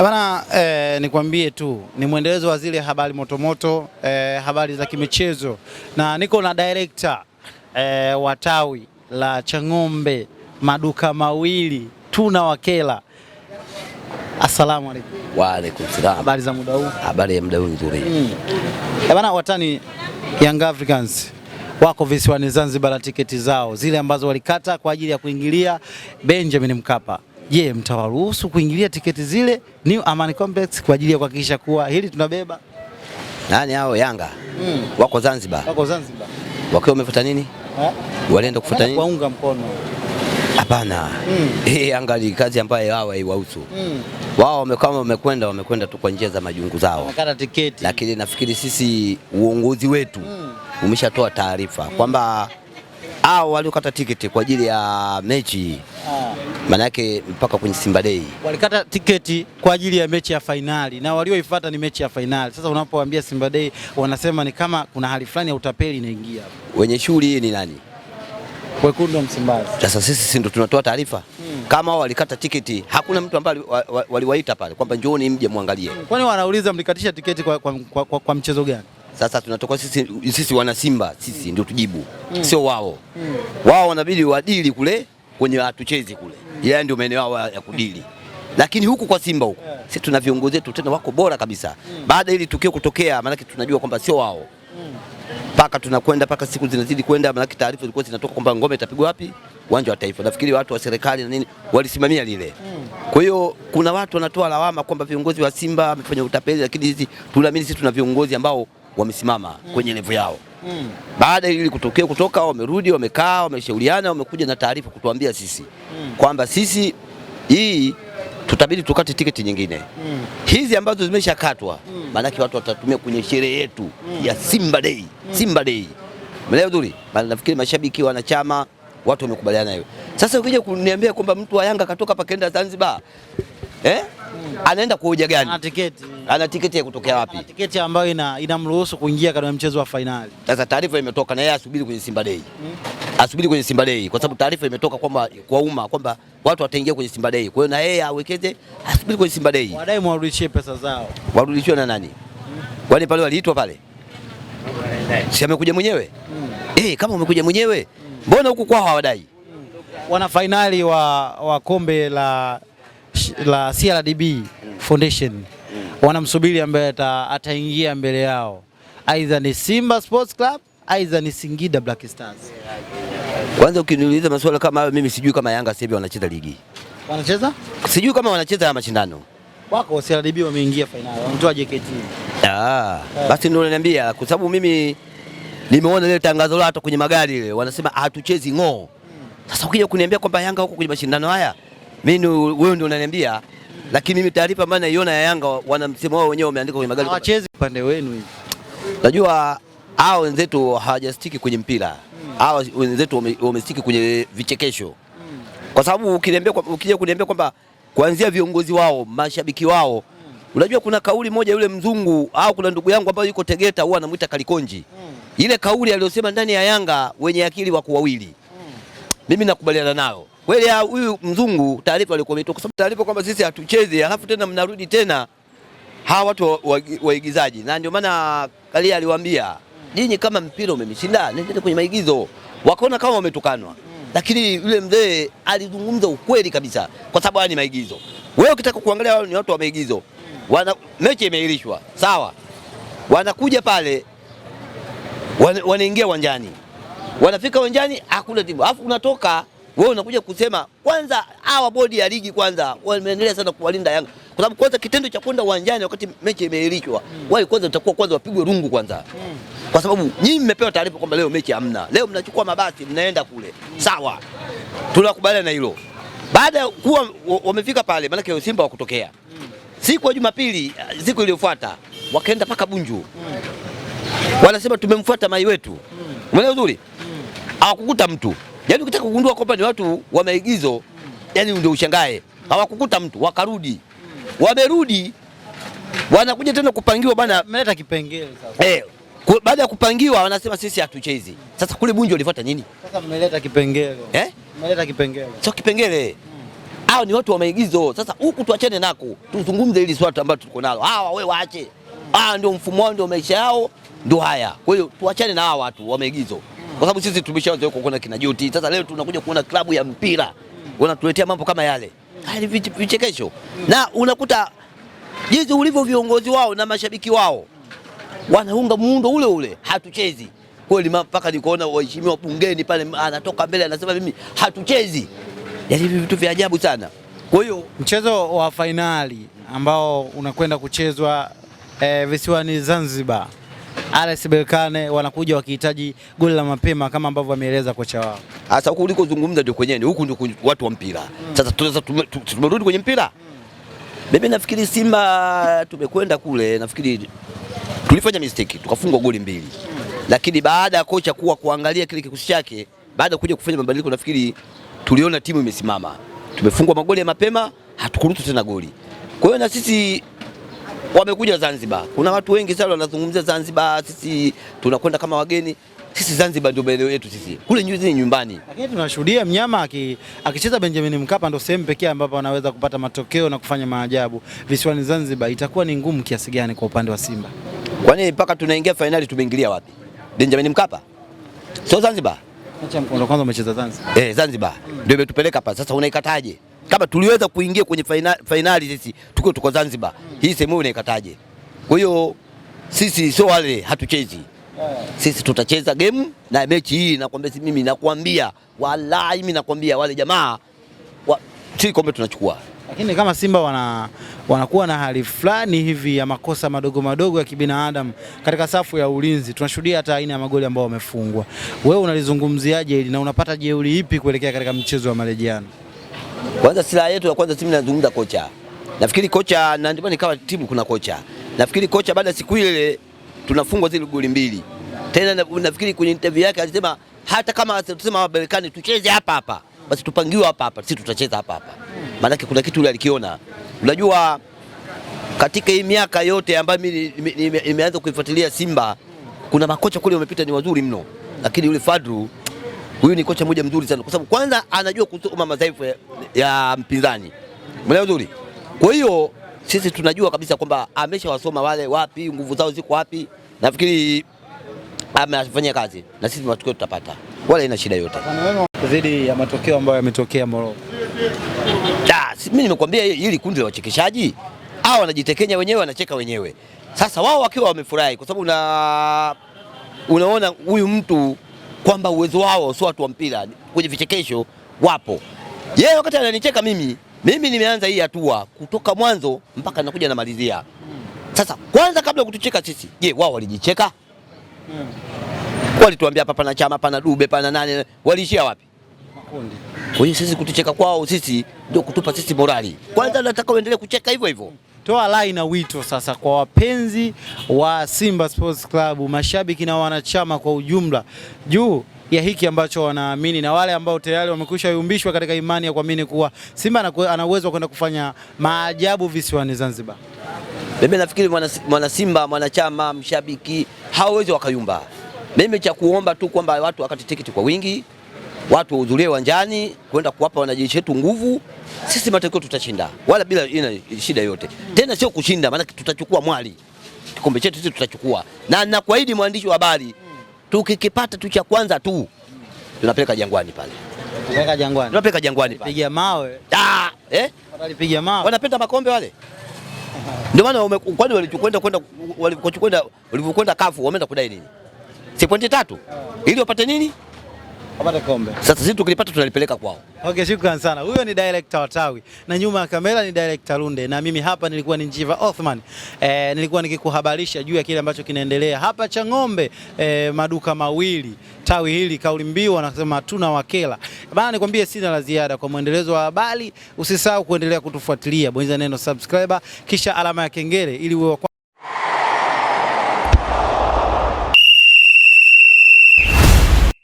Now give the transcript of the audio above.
Eh, bana eh, nikwambie tu ni mwendelezo wa zile habari motomoto eh, habari za kimichezo na niko na director eh, wa tawi la Chang'ombe maduka mawili tuna wakela. Asalamu alaykum. Wa alaykum salaam. Habari za muda huu? Habari ya muda huu nzuri. Mm. bana watani Young Africans wako visiwani Zanzibar na tiketi zao zile ambazo walikata kwa ajili ya kuingilia Benjamin Mkapa je, mtawaruhusu kuingilia tiketi zile New Amani Complex kwa ajili ya kuhakikisha kuwa hili tunabeba? Nani hao Yanga? Mm. Wako Zanzibar. Wako Zanzibar. Wakiwa wamefuta nini? Walienda kufuta nini? Kuunga mkono. Hapana. Mm. Hii Yanga ni kazi ambayo hmm. wao haiwahusu. Mm. Wao kama wamekwenda wamekwenda tu kwa njia za majungu zao. Wamekata tiketi. Lakini nafikiri sisi uongozi wetu mm. umeshatoa taarifa mm. kwamba hao waliokata tiketi kwa ajili ya mechi ah yake mpaka kwenye Simba Day walikata tiketi kwa ajili ya mechi ya fainali na walioifuata ni mechi ya fainali. Sasa unapowaambia Simba Day wanasema ni kama kuna hali fulani ya utapeli inaingia Wenye shughuli hii ni nani? Wekundu wa Msimbazi. Sasa sisi ndio tunatoa taarifa hmm. Kama walikata tiketi, hakuna mtu ambaye waliwaita pale kwamba njooni mje muangalie. Kwani wanauliza mlikatisha tiketi kwa, kwa, kwa, kwa, kwa mchezo gani? Sasa tunatoka sisi, sisi wana Simba sisi hmm. ndio tujibu hmm. sio wao hmm. wao wanabidi wadili kule kwenye hatuchezi kule, yeye ndio maeneo yao ya kudili lakini huku kwa Simba huku yeah. Sisi tuna viongozi wetu tena wako bora kabisa mm. Baada ili tukio kutokea, maanake tunajua kwamba sio wao mpaka mm. Tunakwenda mpaka siku zinazidi kwenda, maanake taarifa zilikuwa zinatoka kwamba ngome itapigwa wapi, uwanja wa Taifa. Nafikiri watu wa serikali na nini walisimamia lile. Kwa hiyo kuna watu wanatoa lawama kwamba viongozi wa Simba wamefanya utapeli, lakini sisi tunaamini sisi tuna viongozi ambao wamesimama mm. kwenye levu yao mm. Baada ili kutokea kutoka, wamerudi wamekaa, wameshauriana, wamekuja na taarifa kutuambia sisi mm. kwamba sisi hii tutabidi tukate tiketi nyingine mm. hizi ambazo zimeshakatwa mm. maanake watu watatumia kwenye sherehe yetu mm. ya Simba Day mm. Simba Day mleodhuri, nafikiri mashabiki, wanachama, watu wamekubaliana hiyo. Sasa ukija kuniambia kwamba mtu wa Yanga katoka pakaenda Zanzibar eh? anaenda kwa hoja gani? Ana tiketi. Ana tiketi ya kutokea wapi? Ana tiketi ambayo ina inamruhusu kuingia katika mchezo wa fainali. Sasa taarifa imetoka na yeye asubiri kwenye Simba Day. Hmm. Asubiri kwenye Simba Day kwa sababu taarifa imetoka kwamba kwa umma kwamba watu wataingia kwenye Simba Day. Kwa hiyo na yeye awekeze asubiri kwenye Simba Day. Wadai mwarudishie pesa zao. Warudishie na nani? Hmm. Wale pale waliitwa pale. Si amekuja mwenyewe? Hmm. Eh, kama umekuja mwenyewe, mbona hmm, huku kwao hawadai? Hmm. Wana fainali wa, wa kombe la la CRDB Foundation wanamsubiri ambaye ataingia mbele yao, aidha ni Simba Sports Club, aidha ni Singida Black Stars. Kwanza ukiniuliza maswala kama hayo, mimi sijui kama Yanga sasa hivi wanacheza ligi, wanacheza sijui kama wanacheza ya mashindano wako CRDB wameingia finali, wanatoa JKT. Ah, basi ndio unaniambia, kwa sababu mimi nimeona ile tangazo lao hata kwenye magari ile wanasema hatuchezi ng'oo. Sasa ukija kuniambia kwamba Yanga huko kwenye mashindano haya mimi wewe ndio unaniambia, lakini mimi taarifa maana iona ya Yanga wana msemo wao wenyewe wameandika kwenye magazeti. Hawachezi upande wenu hivi. Najua hao wenzetu hawajastiki kwenye mpira. Hao wenzetu wamestiki kwenye vichekesho. Kwa sababu ukiniambia ukija kuniambia kwamba kuanzia viongozi wao, mashabiki wao, unajua kuna kauli moja yule mzungu au kuna ndugu yangu ambaye yuko Tegeta huwa anamuita Kalikonji. Ile kauli aliyosema ndani ya Yanga wenye akili wako wawili. Mimi nakubaliana nayo. Kweli ah, huyu mzungu taarifa alikuwa ametoa, kwa sababu taarifa kwamba sisi hatuchezi, alafu tena mnarudi tena hawa watu waigizaji wa, wa na ndio maana Kalia aliwaambia nyinyi kama mpira umemshinda nendeni kwenye maigizo, wakaona kama wametukanwa hmm. lakini yule mzee alizungumza ukweli kabisa, kwa sababu haya ni maigizo. Wewe ukitaka kuangalia, wao ni watu wa maigizo, hmm. wana mechi imeahirishwa, sawa. Wanakuja pale wan, wanaingia uwanjani, wanafika uwanjani hakuna timu, alafu unatoka wewe unakuja kusema kwanza, hawa bodi ya ligi kwanza wameendelea sana kuwalinda Yanga kwa sababu kwanza kitendo cha kwenda uwanjani wakati mechi imeahirishwa, mm. wao kwanza utakuwa kwanza wapigwe rungu kwanza, mm. kwa sababu nyinyi mmepewa taarifa kwamba leo mechi hamna, leo mnachukua mabasi mnaenda kule, mm. sawa, tunakubaliana na hilo. Baada ya kuwa wamefika pale, maanake Simba wakutokea, mm. siku ya Jumapili, uh, siku iliyofuata wakaenda paka Bunju, mm. wanasema tumemfuata mai wetu, hmm. umeelewa mm. vizuri, hmm. hawakukuta mm. mtu Yaani ukitaka kugundua kwamba ni watu wa maigizo, yaani ndio ushangae. Hawakukuta mtu, wakarudi. Wamerudi wanakuja tena kupangiwa bana. mleta kipengele sasa. Eh, baada ya kupangiwa wanasema sisi hatuchezi. Sasa kule Bunju walifuata nini? Sasa mmeleta kipengele. Eh? Mmeleta kipengele. Sio kipengele. Hao ni watu wa maigizo. Sasa huku tuachane nako. Tuzungumze hili swali ambalo tuko nalo. Hawa wewe waache. Ah, ndio mfumo wao, ndio maisha yao, ndio haya. Kwa hiyo tuachane na hawa watu wa maigizo kwa sababu sisi tumeshaanza kuona kina Juti. Sasa leo tunakuja kuona klabu ya mpira wanatuletea mambo kama yale hali vichekesho, na unakuta jinsi ulivyo viongozi wao na mashabiki wao wanaunga muundo ule ule, hatuchezi kweli. Mpaka nikaona waheshimiwa bungeni pale, anatoka mbele anasema mimi hatuchezi. Yani vitu vya ajabu sana. Kwa hiyo mchezo wa fainali ambao unakwenda kuchezwa eh, visiwani Zanzibar RS Berkane wanakuja wakihitaji goli la mapema kama ambavyo ameeleza kocha wao. Sasa huko ulikozungumza ndio kwenyewe, huku ndio watu wa mpira. Sasa tumerudi kwenye mpira. Mimi nafikiri Simba eh, tumekwenda kule, nafikiri tulifanya mistake tukafungwa goli mbili, lakini baada ya kocha kuwa kuangalia kile kikosi chake, baada ya kuja kufanya mabadiliko, nafikiri tuliona timu imesimama. Tumefungwa magoli ya mapema, hatukuruhusu tena goli. Kwa hiyo na sisi wamekuja Zanzibar. Kuna watu wengi sana wanazungumzia Zanzibar, sisi tunakwenda kama wageni. Sisi Zanzibar ndio maeneo yetu sisi, kule nyuzi ni nyumbani. Lakini tunashuhudia mnyama akicheza aki Benjamin Mkapa, ndio sehemu pekee ambapo anaweza kupata matokeo na kufanya maajabu. Visiwani Zanzibar itakuwa ni ngumu kiasi gani kwa upande wa Simba? Kwani mpaka tunaingia fainali tumeingilia wapi? Benjamin Mkapa, sio Zanzibar. Kwanza umecheza Zanzibar, eh, Zanzibar ndio imetupeleka hapa. Sasa unaikataje? kama tuliweza kuingia kwenye fainali, fainali sisi tuko tuko Zanzibar mm. hii sehemu unaikataje? Kwa hiyo sisi sio wale hatuchezi Sisi tutacheza game na mechi hii, nakwambia mimi, nakwambia wallahi, mimi nakwambia wale jamaa wa, si kombe tunachukua lakini kama Simba wana wanakuwa na hali fulani hivi ya makosa madogo madogo ya kibinadamu katika safu ya ulinzi, tunashuhudia hata aina ya magoli ambayo wamefungwa. Wewe unalizungumziaje hili na unapata jeuri ipi kuelekea katika mchezo wa marejeano? Kwanza silaha yetu ya kwanza timu nazungumza kocha. Nafikiri kocha na ndipo nikawa timu kuna kocha. Nafikiri kocha baada ya siku ile tunafungwa zile goli mbili. Tena nafikiri kwenye interview yake alisema hata kama wa Berkane tucheze hapa hapa, basi tupangiwe hapa hapa, sisi tutacheza hapa hapa. Maana kuna kitu yule alikiona. Unajua katika hii miaka yote ambayo mimi nimeanza kuifuatilia Simba kuna makocha kule wamepita ni wazuri mno, lakini yule Fadru Huyu ni kocha mmoja mzuri sana, kwa sababu kwanza anajua kusoma madhaifu ya, ya mpinzani, umeelewa vizuri. Kwa hiyo sisi tunajua kabisa kwamba ameshawasoma wale wapi, nguvu zao ziko wapi. Nafikiri amefanya kazi na sisi, matokeo tutapata, wala ina shida yote dhidi ya matokeo ambayo yametokea Morocco. Mimi nimekwambia hili kundi la wachekeshaji hawa wanajitekenya wenyewe, wanacheka wenyewe. Sasa wao wakiwa wamefurahi, kwa sababu una, unaona huyu mtu kwamba uwezo wao sio watu wa mpira, kwenye vichekesho wapo. Yeye wakati ananicheka mimi, mimi nimeanza hii hatua kutoka mwanzo mpaka nakuja namalizia. Sasa kwanza kabla kutucheka sisi, je, wao walijicheka? Walituambia hapa pana chama, pana dube, pana nane, waliishia wapi? Makundi. Kwa hiyo sisi kutucheka kwao sisi ndio kutupa sisi morali. Kwanza nataka uendelee kucheka hivyo hivyo toa rai na wito sasa kwa wapenzi wa Simba Sports Club, mashabiki na wanachama kwa ujumla juu ya hiki ambacho wanaamini na wale ambao tayari wamekwisha yumbishwa katika imani ya kuamini kuwa Simba ana uwezo wa kwenda kufanya maajabu visiwani Zanzibar. Mimi nafikiri mwana, mwana Simba mwanachama mshabiki hawawezi wakayumba. Mimi cha kuomba tu kwamba watu wakate tiketi kwa wingi watu wahudhurie uwanjani kwenda kuwapa wanajeshi wetu nguvu. Sisi matokeo tutashinda, wala bila ina shida yote. Tena sio kushinda, maana tutachukua mwali kikombe chetu sisi tutachukua, na nakuahidi mwandishi wa habari, tukikipata tu cha kwanza tu tunapeleka Jangwani pale, tunapeleka Jangwani, tunapeleka Jangwani pale, piga mawe ah, eh, walipiga mawe, wanapenda makombe wale ndio maana kwani walichukwenda kwenda walivyokwenda kafu wameenda kudai nini? Si pointi tatu ili wapate nini? wapate kombe. Sasa sisi tukilipata tunalipeleka kwao. Okay, shukrani sana. Huyo ni director wa tawi na nyuma ya kamera ni director Lunde na mimi hapa nilikuwa ni Njiva Othman. E, nilikuwa nikikuhabarisha juu ya kile ambacho kinaendelea hapa Chang'ombe. E, maduka mawili tawi hili kauli mbiu wanasema hatuna wakela. Bana, nikwambie sina la ziada. Kwa mwendelezo wa habari, usisahau kuendelea kutufuatilia, bonyeza neno subscriber, kisha alama ya kengele ili uwe